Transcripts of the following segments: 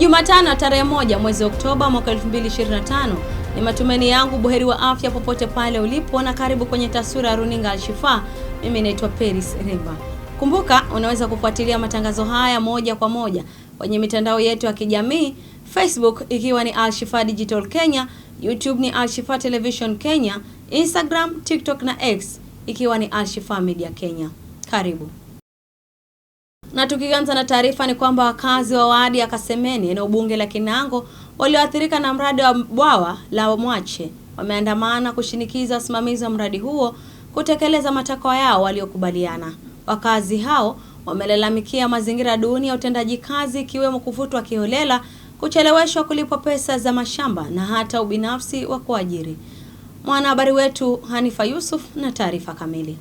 Jumatano tarehe moja mwezi Oktoba mwaka 2025. Ni matumaini yangu buheri wa afya popote pale ulipo, na karibu kwenye taswira ya runinga Alshifa. Mimi naitwa Peris Reba. Kumbuka unaweza kufuatilia matangazo haya moja kwa moja kwenye mitandao yetu ya kijamii, Facebook ikiwa ni Alshifa Digital Kenya, YouTube ni Alshifa Television Kenya, Instagram, TikTok na X ikiwa ni Alshifa Media Kenya. Karibu. Na tukianza na taarifa ni kwamba wakazi wa wadi ya Kasemeni eneo bunge la Kinango walioathirika na mradi wa bwawa la Mwache wameandamana kushinikiza wasimamizi wa mradi huo kutekeleza matakwa yao waliokubaliana. Wakazi hao wamelalamikia mazingira duni ya utendaji kazi ikiwemo kufutwa kiholela, kucheleweshwa kulipwa pesa za mashamba na hata ubinafsi wa kuajiri. Mwanahabari wetu Hanifa Yusuf na taarifa kamili.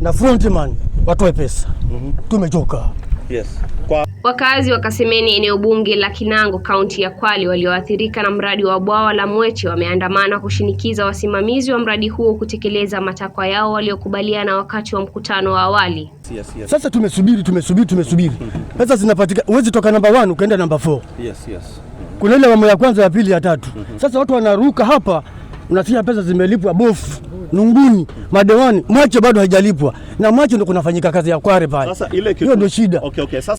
Na frontman watoe pesa mm -hmm. Tumechoka. Yes. Kwa... Wakazi wa Kasemeni eneo bunge la Kinango kaunti ya Kwale walioathirika na mradi wa bwawa la Mweche wameandamana kushinikiza wasimamizi wa mradi huo kutekeleza matakwa yao waliokubaliana wakati wa mkutano wa awali. Yes, yes. Sasa tumesubiri tumesubiri tumesubiri mhm. pesa zinapatikana, huwezi toka namba 1 ukaenda namba 4. Yes, yes. Kuna ile awamu ya kwanza ya pili ya tatu. Mhm. Sasa watu wanaruka hapa, unasikia pesa zimelipwa bofu Nunguni, Madewani, Mwache bado haijalipwa na Mwache ndo kunafanyika kazi ya kware pale. Hiyo ndio shida. Okay, okay. Sasa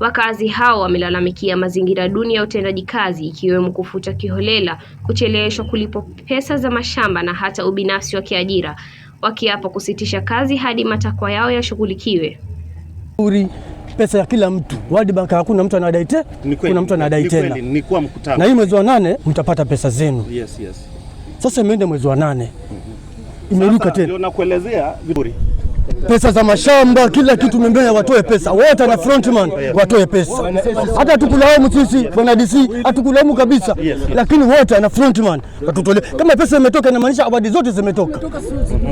wakazi hao wamelalamikia mazingira duni ya utendaji kazi ikiwemo kufuta kiholela, kucheleweshwa kulipo pesa za mashamba na hata ubinafsi wa kiajira, wakiapa kusitisha kazi hadi matakwa yao yashughulikiwe. Pesa ya kila mtu World Bank, hakuna mtu anadai tena, kuna mtu anadai tena. Na hii mwezi wa nane mtapata pesa zenu. Yes, yes. Sasa mwende mwezi wa nane imeruka tena. Ndio nakuelezea vizuri pesa za mashamba, kila kitu Mbeya watoe pesa wote, na frontman watoe pesa. Hata tukulaumu sisi bwana DC, hatukulaumu kabisa, lakini wote na frontman watutolee. Kama pesa imetoka, inamaanisha awadi zote zimetoka.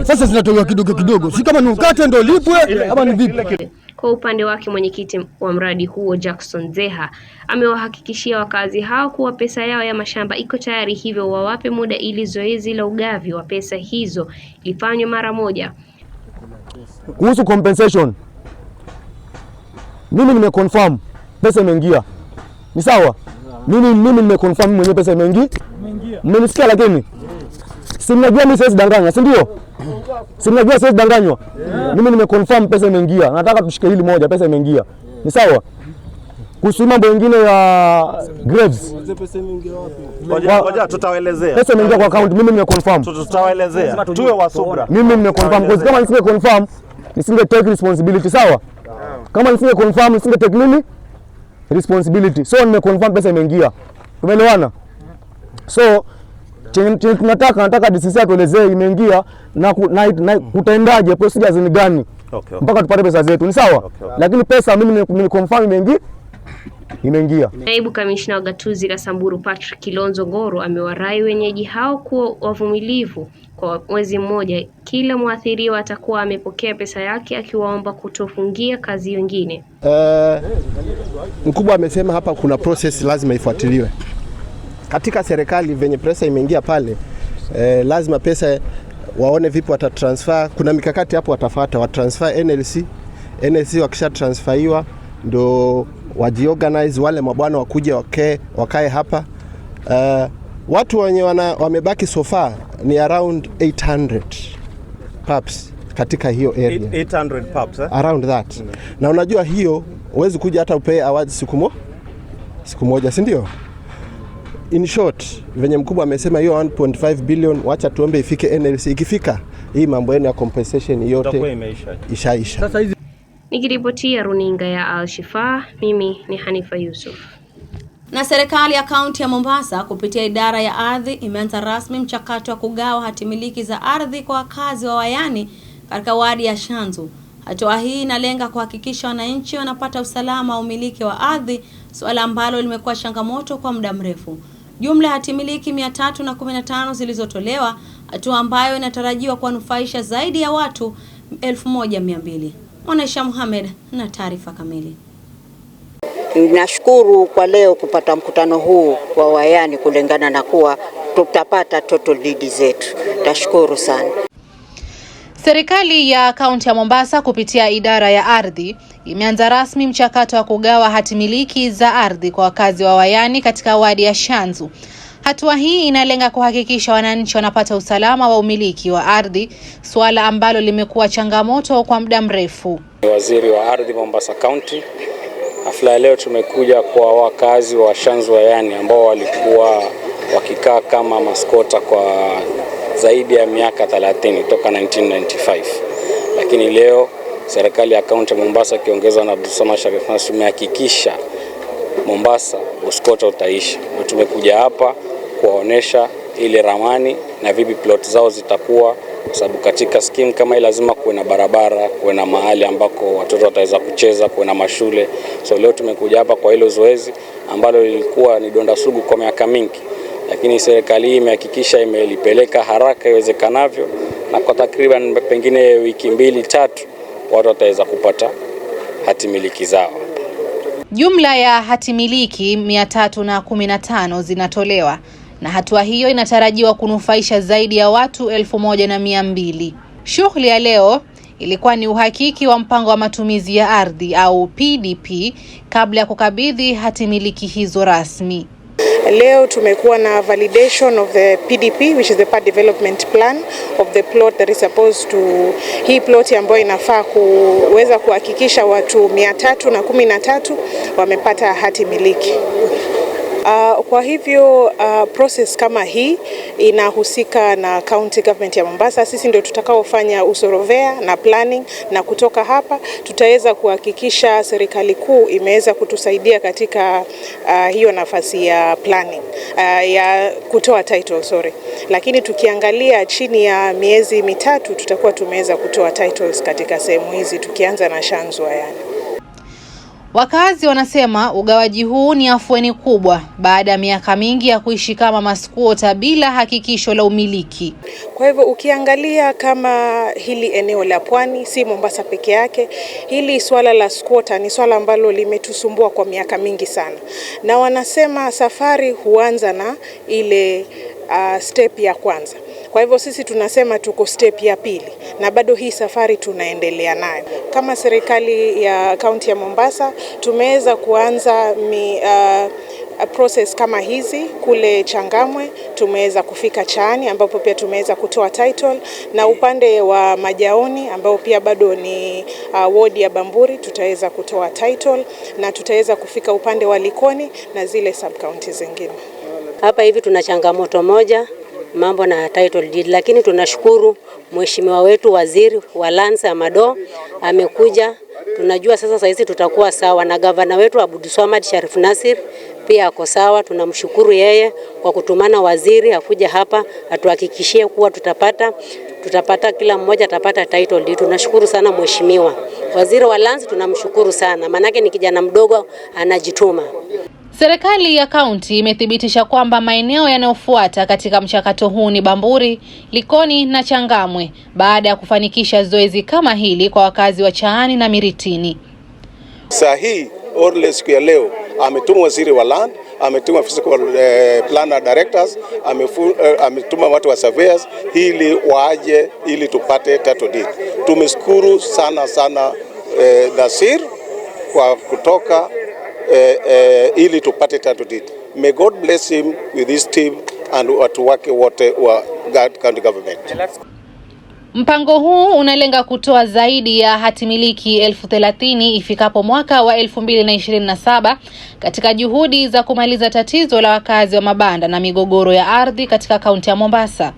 Sasa zinatolewa kidogo kidogo, si kama ni ukate ndo lipwe ama ni vipi? Kwa upande wake mwenyekiti wa mradi huo Jackson Zeha amewahakikishia wakazi hao kuwa pesa yao ya mashamba iko tayari, hivyo wawape muda ili zoezi la ugavi wa pesa hizo lifanywe mara moja. Kuhusu compensation, mimi nime confirm pesa imeingia, ni sawa. Mimi mimi nime confirm mwenyewe pesa imeingia, mmenisikia? Lakini si mnajua mimi siwezi danganya, si ndio? Si mnajua siwezi danganywa. Mimi nime confirm pesa imeingia, nataka tushike hili moja, pesa imeingia, ni sawa. Kuhusu mambo mengine ya Graves, Pesa imeingia kwa account, mimi nime confirm. tutawaelezea. Tuwe wa subra, mimi nimeconfirm, kwa sababu nisinge confirm, nisinge take responsibility sawa. Kama nisinge confirm nisinge take nini responsibility. So nime confirm pesa imeingia, tumeelewana? So chenye tunataka nataka DCC atuelezee imeingia na, na, na kutaendaje procedures ni gani? Okay, okay. Mpaka tupate pesa zetu ni sawa, okay, okay. Lakini pesa mimi confirm imeingia Nimeingia. Naibu kamishna wa gatuzi la Samburu Patrick Kilonzo Ngoro amewarai wenyeji hao kuwa wavumilivu. Kwa mwezi mmoja, kila mwathiriwa atakuwa amepokea pesa yake, akiwaomba kutofungia kazi wengine. Eh, mkubwa amesema hapa kuna process lazima ifuatiliwe katika serikali venye pesa imeingia pale. Eh, lazima pesa waone vipi watatransfer. Kuna mikakati hapo watafuata, watransfer NLC. NLC wakisha transferiwa ndo wajiorganize, wale mabwana wakuja wakae, wakae hapa uh, watu wenye wamebaki so far ni around 800 pups katika hiyo area 800 pups, eh? around that mm. Na unajua hiyo huwezi kuja hata upee awards siku mo, siku moja si ndio? In short venye mkubwa amesema hiyo 1.5 billion, wacha tuombe ifike NLC. Ikifika hii mambo yenu ya compensation yote ishaisha. Nikiripotia runinga ya Al Shifa, mimi ni Hanifa Yusuf. Na serikali ya kaunti ya Mombasa kupitia idara ya ardhi imeanza rasmi mchakato wa kugawa hatimiliki za ardhi kwa wakazi wa Wayani katika wadi ya Shanzu. Hatua hii inalenga kuhakikisha wananchi wanapata usalama wa umiliki wa ardhi, suala ambalo limekuwa changamoto kwa muda mrefu. Jumla ya hatimiliki 315 zilizotolewa, hatua ambayo inatarajiwa kuwanufaisha zaidi ya watu 1200. Mwanaisha Muhammad na taarifa kamili. Nashukuru kwa leo kupata mkutano huu wa Wayani kulingana na kuwa tutapata total lead zetu. Tashukuru sana. Serikali ya kaunti ya Mombasa kupitia idara ya ardhi imeanza rasmi mchakato wa kugawa hati miliki za ardhi kwa wakazi wa Wayani katika wadi ya Shanzu Hatua hii inalenga kuhakikisha wananchi wanapata usalama wa umiliki wa ardhi, suala ambalo limekuwa changamoto kwa muda mrefu. waziri wa ardhi Mombasa County. Hafla ya leo tumekuja kwa wakazi wa Shanzwayani ambao walikuwa wakikaa kama maskota kwa zaidi ya miaka 30 toka 1995, lakini leo serikali ya kaunti ya Mombasa ikiongezwa na Abdulsama Sharif imehakikisha Mombasa uskota utaisha. Tumekuja hapa kuwaonesha ile ramani na vipi plot zao zitakuwa, kwa sababu katika skimu kama hii lazima kuwe na barabara, kuwe na mahali ambako watoto wataweza kucheza, kuwe na mashule. So leo tumekuja hapa kwa hilo zoezi ambalo lilikuwa ni donda sugu kwa miaka mingi, lakini serikali hii imehakikisha imelipeleka haraka iwezekanavyo, na kwa takriban pengine wiki mbili tatu watu wataweza kupata hatimiliki zao. Jumla ya hatimiliki 315 zinatolewa na hatua hiyo inatarajiwa kunufaisha zaidi ya watu elfu moja na mia mbili. Shughuli ya leo ilikuwa ni uhakiki wa mpango wa matumizi ya ardhi au PDP kabla ya kukabidhi hati miliki hizo rasmi. Leo tumekuwa na validation of the PDP which is the part development plan of the plot that is supposed to, hii plot ambayo inafaa kuweza kuhakikisha watu mia tatu na kumi na tatu wamepata hati miliki. Uh, kwa hivyo uh, process kama hii inahusika na county government ya Mombasa. Sisi ndio tutakaofanya usorovea na planning, na kutoka hapa tutaweza kuhakikisha serikali kuu imeweza kutusaidia katika uh, hiyo nafasi ya planning uh, ya kutoa title sorry, lakini tukiangalia chini ya miezi mitatu tutakuwa tumeweza kutoa titles katika sehemu hizi tukianza na Shanzwa yani. Wakazi wanasema ugawaji huu ni afueni kubwa baada ya miaka mingi ya kuishi kama maskuota bila hakikisho la umiliki. Kwa hivyo ukiangalia kama hili eneo la pwani, si Mombasa peke yake, hili swala la skuota ni swala ambalo limetusumbua kwa miaka mingi sana, na wanasema safari huanza na ile uh, step ya kwanza. Kwa hivyo sisi tunasema tuko step ya pili na bado hii safari tunaendelea nayo. Kama serikali ya kaunti ya Mombasa tumeweza kuanza mi, uh, process kama hizi kule Changamwe, tumeweza kufika Chaani ambapo pia tumeweza kutoa title, na upande wa Majaoni ambao pia bado ni uh, ward ya Bamburi tutaweza kutoa title na tutaweza kufika upande wa Likoni na zile sub county zingine. Hapa hivi tuna changamoto moja mambo na title deed, lakini tunashukuru mheshimiwa wetu waziri wa Lance Amado amekuja. Tunajua sasa saizi tutakuwa sawa, na gavana wetu Swamad Sharif Nasir pia ako sawa. Tunamshukuru yeye kwa kutumana waziri akuja hapa atuhakikishie kuwa tutapata tutapata kila mmoja atapata title deed. Tunashukuru sana mheshimiwa waziri wa Lands, tunamshukuru sana maanake ni kijana mdogo anajituma. Serikali ya kaunti imethibitisha kwamba maeneo yanayofuata katika mchakato huu ni Bamburi, Likoni na Changamwe baada ya kufanikisha zoezi kama hili kwa wakazi wa Chaani na Miritini. Saa hii Orle siku ya leo ametuma waziri wa land, ametuma physical eh, planner directors, eh, ametuma watu wa surveyors ili waje ili tupate title deed. Tumeshukuru sana sana eh, Dasir kwa kutoka eh, eh, ili tupate tatu did. May God bless him with his team and watu wake wote wa county government. Mpango huu unalenga kutoa zaidi ya hati miliki elfu thelathini ifikapo mwaka wa 2027 katika juhudi za kumaliza tatizo la wakazi wa mabanda na migogoro ya ardhi katika kaunti ya Mombasa.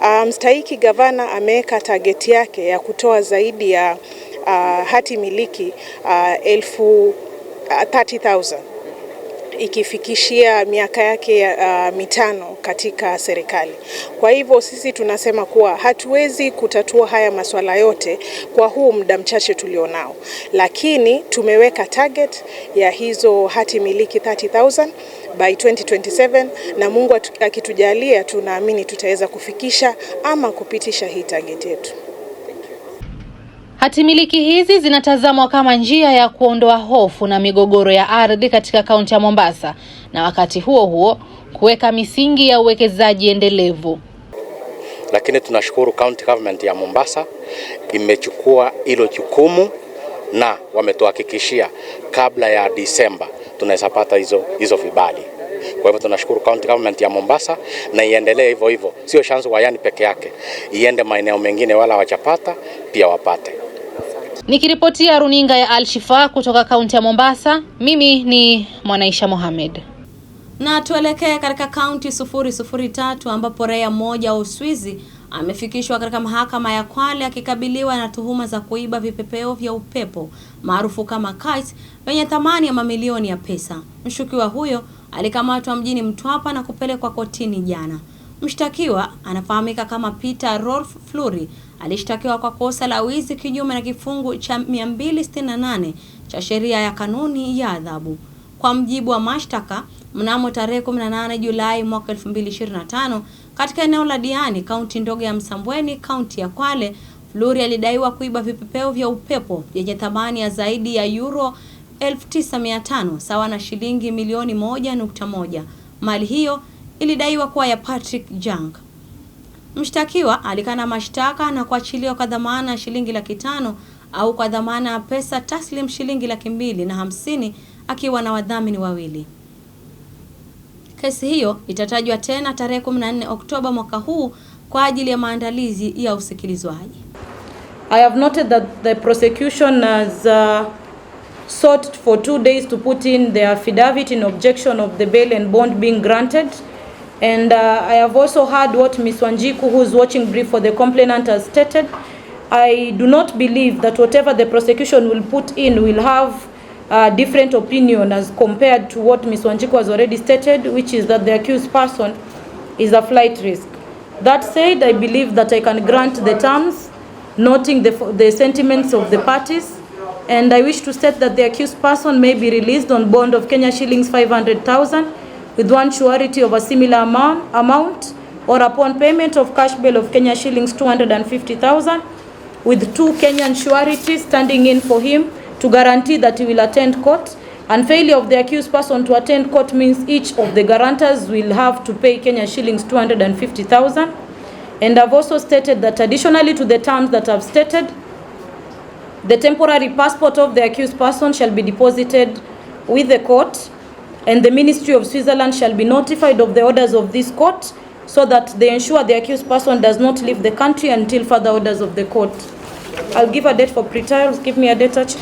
Ah, mstahiki um, gavana ameweka tageti yake ya kutoa zaidi ya uh, hati miliki uh, elfu 30,000 ikifikishia miaka yake uh, mitano katika serikali. Kwa hivyo sisi tunasema kuwa hatuwezi kutatua haya masuala yote kwa huu muda mchache tulionao, lakini tumeweka target ya hizo hati miliki 30,000 by 2027 na Mungu akitujalia, tunaamini tutaweza kufikisha ama kupitisha hii target yetu. Hatimiliki hizi zinatazamwa kama njia ya kuondoa hofu na migogoro ya ardhi katika kaunti ya Mombasa na wakati huo huo kuweka misingi ya uwekezaji endelevu. Lakini tunashukuru county government ya Mombasa imechukua hilo jukumu na wametuhakikishia kabla ya Disemba tunaweza pata hizo, hizo vibali. Kwa hivyo tunashukuru county government ya Mombasa na iendelee hivyo hivyo, sio chanzo Wayani peke yake, iende maeneo mengine wala wachapata pia wapate. Nikiripotia runinga ya Al Shifa kutoka kaunti ya Mombasa, mimi ni Mwanaisha Mohamed. Na tuelekee katika kaunti sufuri tatu ambapo raia mmoja wa Uswizi amefikishwa katika mahakama ya Kwale akikabiliwa na tuhuma za kuiba vipepeo vya upepo maarufu kama kites vyenye thamani ya mamilioni ya pesa. Mshukiwa huyo alikamatwa mjini Mtwapa na kupelekwa kotini jana. Mshtakiwa anafahamika kama Peter Rolf Fluri alishtakiwa kwa kosa la wizi kinyume na kifungu cha 268 cha sheria ya kanuni ya adhabu. Kwa mjibu wa mashtaka, mnamo tarehe 18 Julai mwaka 2025 katika eneo la Diani, kaunti ndogo ya Msambweni, kaunti ya Kwale, Fluri alidaiwa kuiba vipepeo vya upepo vyenye thamani ya zaidi ya euro 9500 sawa na shilingi milioni 1.1. Mali hiyo ilidaiwa kuwa ya Patrick Jang. Mshtakiwa alikana mashtaka na kuachiliwa kwa dhamana ya shilingi laki tano au kwa dhamana ya pesa taslim shilingi laki mbili na hamsini akiwa na wadhamini wawili. Kesi hiyo itatajwa tena tarehe 14 Oktoba mwaka huu kwa ajili ya maandalizi ya usikilizwaji. I have noted that the prosecution has uh, sought for two days to put in their affidavit in objection of the bail and bond being granted. And uh, I have also heard what Ms. Wanjiku, who is watching brief for the complainant, has stated. I do not believe that whatever the prosecution will put in will have a uh, different opinion as compared to what Ms. Wanjiku has already stated, which is that the accused person is a flight risk. That said, I believe that I can grant the terms, noting the, the sentiments of the parties, and I wish to state that the accused person may be released on bond of Kenya shillings 500,000 with one surety of a similar amount, amount or upon payment of cash bail of Kenya shillings 250,000 with two Kenyan sureties standing in for him to guarantee that he will attend court and failure of the accused person to attend court means each of the guarantors will have to pay Kenya shillings 250,000 and I've also stated that additionally to the terms that I've stated the temporary passport of the accused person shall be deposited with the court and the Ministry of Switzerland shall be notified of the orders of this court so that they ensure the accused person does not leave the country until further orders of the court. I'll give a date for pre-trials. Give me a date.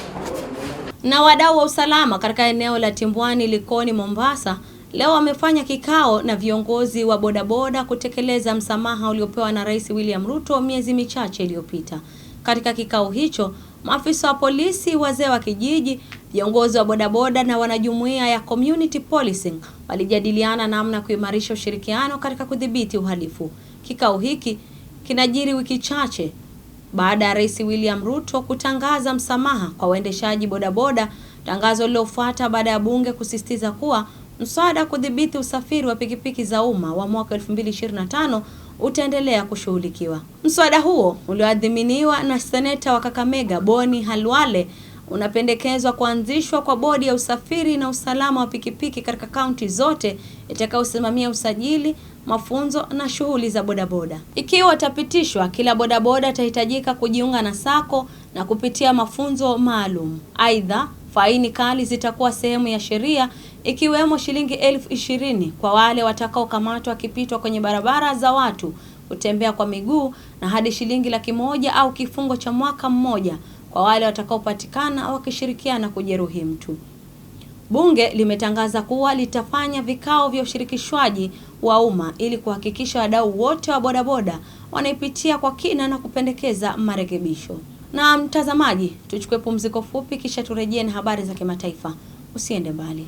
Na wadau wa usalama katika eneo la Timbwani, Likoni, Mombasa leo wamefanya kikao na viongozi wa bodaboda kutekeleza msamaha uliopewa na Rais William Ruto miezi michache iliyopita. Katika kikao hicho maafisa wa polisi, wazee wa kijiji, viongozi wa bodaboda na wanajumuiya ya community policing walijadiliana namna ya kuimarisha ushirikiano katika kudhibiti uhalifu. Kikao hiki kinajiri wiki chache baada ya Rais William Ruto kutangaza msamaha kwa waendeshaji bodaboda, tangazo lilofuata baada ya bunge kusisitiza kuwa mswada wa kudhibiti usafiri wa pikipiki za umma wa mwaka 2025 utaendelea kushughulikiwa. Mswada huo ulioadhiminiwa na seneta wa Kakamega Boni Halwale unapendekezwa kuanzishwa kwa bodi ya usafiri na usalama wa pikipiki katika kaunti zote itakayosimamia usajili, mafunzo na shughuli za bodaboda. Ikiwa itapitishwa, kila bodaboda atahitajika kujiunga na sako na kupitia mafunzo maalum. Aidha, Faini kali zitakuwa sehemu ya sheria ikiwemo shilingi elfu ishirini kwa wale watakaokamatwa wakipitwa kwenye barabara za watu, kutembea kwa miguu na hadi shilingi laki moja au kifungo cha mwaka mmoja kwa wale watakaopatikana wakishirikiana kujeruhi mtu. Bunge limetangaza kuwa litafanya vikao vya ushirikishwaji wa umma ili kuhakikisha wadau wote wa bodaboda wanaipitia kwa kina na kupendekeza marekebisho. Na mtazamaji, tuchukue pumziko fupi, kisha turejee na habari za kimataifa. Usiende mbali.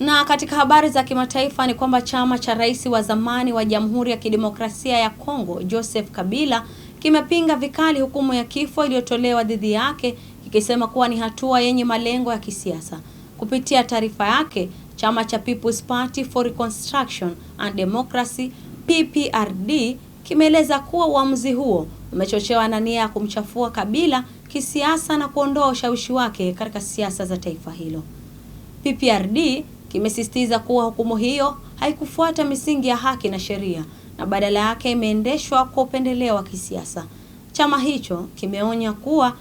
Na katika habari za kimataifa ni kwamba chama cha rais wa zamani wa Jamhuri ya Kidemokrasia ya Kongo Joseph Kabila kimepinga vikali hukumu ya kifo iliyotolewa dhidi yake kikisema kuwa ni hatua yenye malengo ya kisiasa. Kupitia taarifa yake, Chama cha People's Party for Reconstruction and Democracy PPRD kimeeleza kuwa uamuzi huo umechochewa na nia ya kumchafua Kabila kisiasa na kuondoa ushawishi wake katika siasa za taifa hilo. PPRD kimesisitiza kuwa hukumu hiyo haikufuata misingi ya haki na sheria na badala yake imeendeshwa kwa upendeleo wa kisiasa. Chama hicho kimeonya kuwa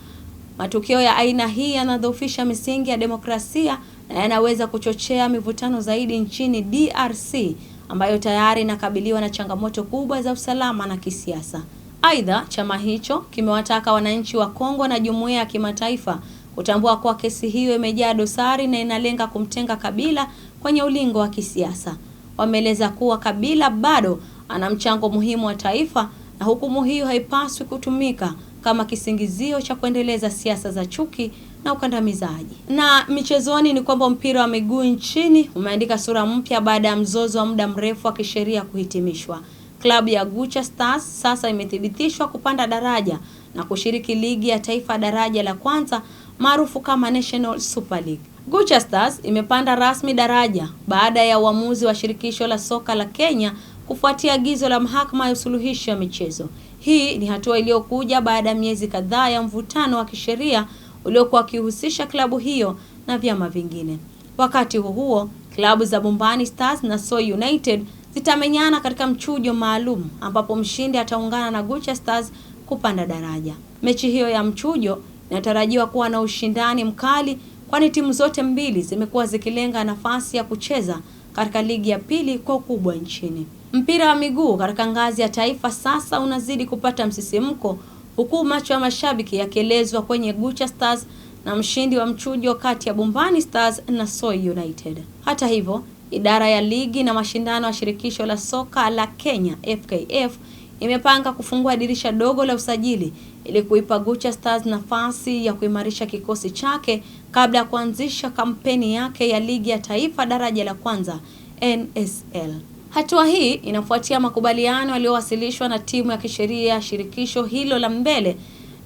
matukio ya aina hii yanadhoofisha misingi ya demokrasia yanaweza eh, kuchochea mivutano zaidi nchini DRC ambayo tayari inakabiliwa na changamoto kubwa za usalama na kisiasa. Aidha, chama hicho kimewataka wananchi wa Kongo na jumuiya ya kimataifa kutambua kuwa kesi hiyo imejaa dosari na inalenga kumtenga Kabila kwenye ulingo wa kisiasa. Wameeleza kuwa Kabila bado ana mchango muhimu wa taifa na hukumu hiyo haipaswi kutumika kama kisingizio cha kuendeleza siasa za chuki na ukandamizaji. Na michezoni ni kwamba mpira wa miguu nchini umeandika sura mpya baada ya mzozo wa muda mrefu wa kisheria kuhitimishwa. Klabu ya Gucha Stars sasa imethibitishwa kupanda daraja na kushiriki ligi ya taifa daraja la kwanza maarufu kama National Super League. Gucha Stars imepanda rasmi daraja baada ya uamuzi wa shirikisho la soka la Kenya kufuatia agizo la mahakama ya usuluhishi wa michezo. Hii ni hatua iliyokuja baada ya miezi kadhaa ya mvutano wa kisheria uliokuwa wakihusisha klabu hiyo na vyama vingine. Wakati huo huo, klabu za Bombani Stars na So United zitamenyana katika mchujo maalum ambapo mshindi ataungana na Gucha Stars kupanda daraja. Mechi hiyo ya mchujo inatarajiwa kuwa na ushindani mkali kwani timu zote mbili zimekuwa zikilenga nafasi ya kucheza katika ligi ya pili kwa ukubwa nchini. Mpira wa miguu katika ngazi ya taifa sasa unazidi kupata msisimko huku macho ya mashabiki yakielezwa kwenye Gucha Stars na mshindi wa mchujo kati ya bumbani Stars na Soy United. Hata hivyo, idara ya ligi na mashindano ya shirikisho la soka la Kenya FKF imepanga kufungua dirisha dogo la usajili ili kuipa Gucha Stars nafasi ya kuimarisha kikosi chake kabla ya kuanzisha kampeni yake ya ligi ya taifa daraja la kwanza NSL. Hatua hii inafuatia makubaliano yaliyowasilishwa na timu ya kisheria ya shirikisho hilo la mbele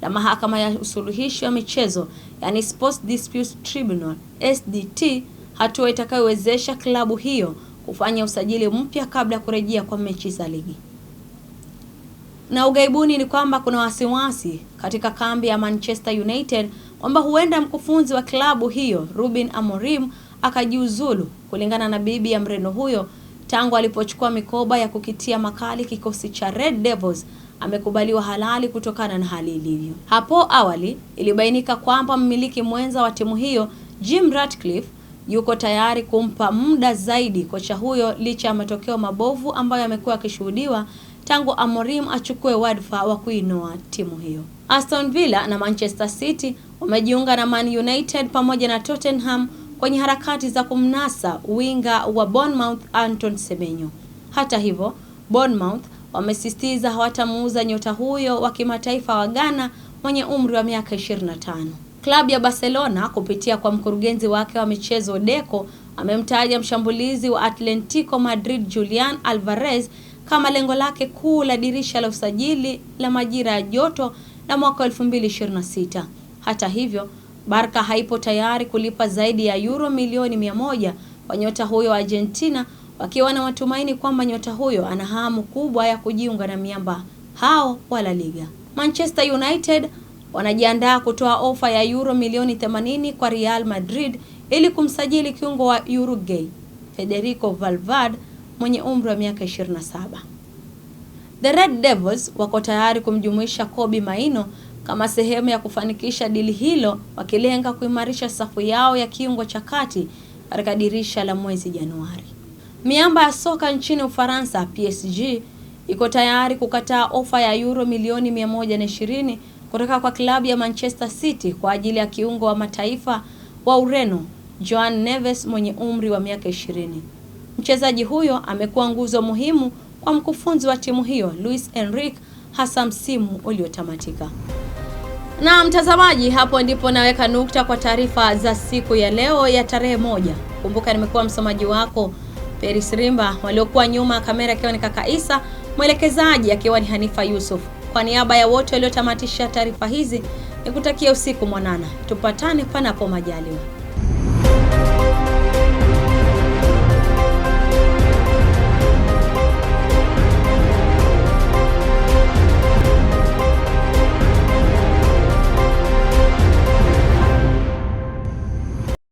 la mahakama ya usuluhishi wa michezo yani Sports Dispute Tribunal SDT, hatua itakayowezesha klabu hiyo kufanya usajili mpya kabla ya kurejea kwa mechi za ligi. Na ugaibuni ni kwamba kuna wasiwasi katika kambi ya Manchester United kwamba huenda mkufunzi wa klabu hiyo Ruben Amorim akajiuzulu, kulingana na bibi ya mreno huyo Tangu alipochukua mikoba ya kukitia makali kikosi cha Red Devils amekubaliwa halali kutokana na hali ilivyo. Hapo awali ilibainika kwamba mmiliki mwenza wa timu hiyo Jim Ratcliffe yuko tayari kumpa muda zaidi kocha huyo licha ya matokeo mabovu ambayo yamekuwa yakishuhudiwa tangu Amorim achukue wadhifa wa kuinoa timu hiyo. Aston Villa na Manchester City wamejiunga na Man United pamoja na Tottenham kwenye harakati za kumnasa winga wa Bournemouth Anton Semenyo. Hata hivyo, Bournemouth wamesisitiza hawatamuuza nyota huyo wa kimataifa wa Ghana mwenye umri wa miaka 25. Klabu ya Barcelona kupitia kwa mkurugenzi wake wa michezo Deco amemtaja mshambulizi wa Atletico Madrid Julian Alvarez kama lengo lake kuu la dirisha la usajili la majira ya joto la mwaka 2026. Hata hivyo, Barca haipo tayari kulipa zaidi ya euro milioni mia moja kwa nyota huyo wa Argentina, wakiwa na matumaini kwamba nyota huyo ana hamu kubwa ya kujiunga na miamba hao wa La Liga. Manchester United wanajiandaa kutoa ofa ya euro milioni 80 kwa Real Madrid ili kumsajili kiungo wa Uruguay Federico Valverde mwenye umri wa miaka 27. The Red Devils wako tayari kumjumuisha Kobbie maino kama sehemu ya kufanikisha dili hilo, wakilenga kuimarisha safu yao ya kiungo cha kati katika dirisha la mwezi Januari. Miamba ya soka nchini Ufaransa, PSG iko tayari kukataa ofa ya euro milioni 120 kutoka kwa klabu ya Manchester City kwa ajili ya kiungo wa mataifa wa Ureno Joan Neves mwenye umri wa miaka 20. Mchezaji huyo amekuwa nguzo muhimu kwa mkufunzi wa timu hiyo Luis Enrique hasa msimu uliotamatika. Na mtazamaji, hapo ndipo naweka nukta kwa taarifa za siku ya leo ya tarehe moja. Kumbuka nimekuwa msomaji wako Peris Rimba, waliokuwa nyuma ya kamera akiwa ni kaka Isa, mwelekezaji akiwa ni Hanifa Yusuf. Kwa niaba ya wote waliotamatisha taarifa hizi, nikutakia usiku mwanana, tupatane panapo majaliwa.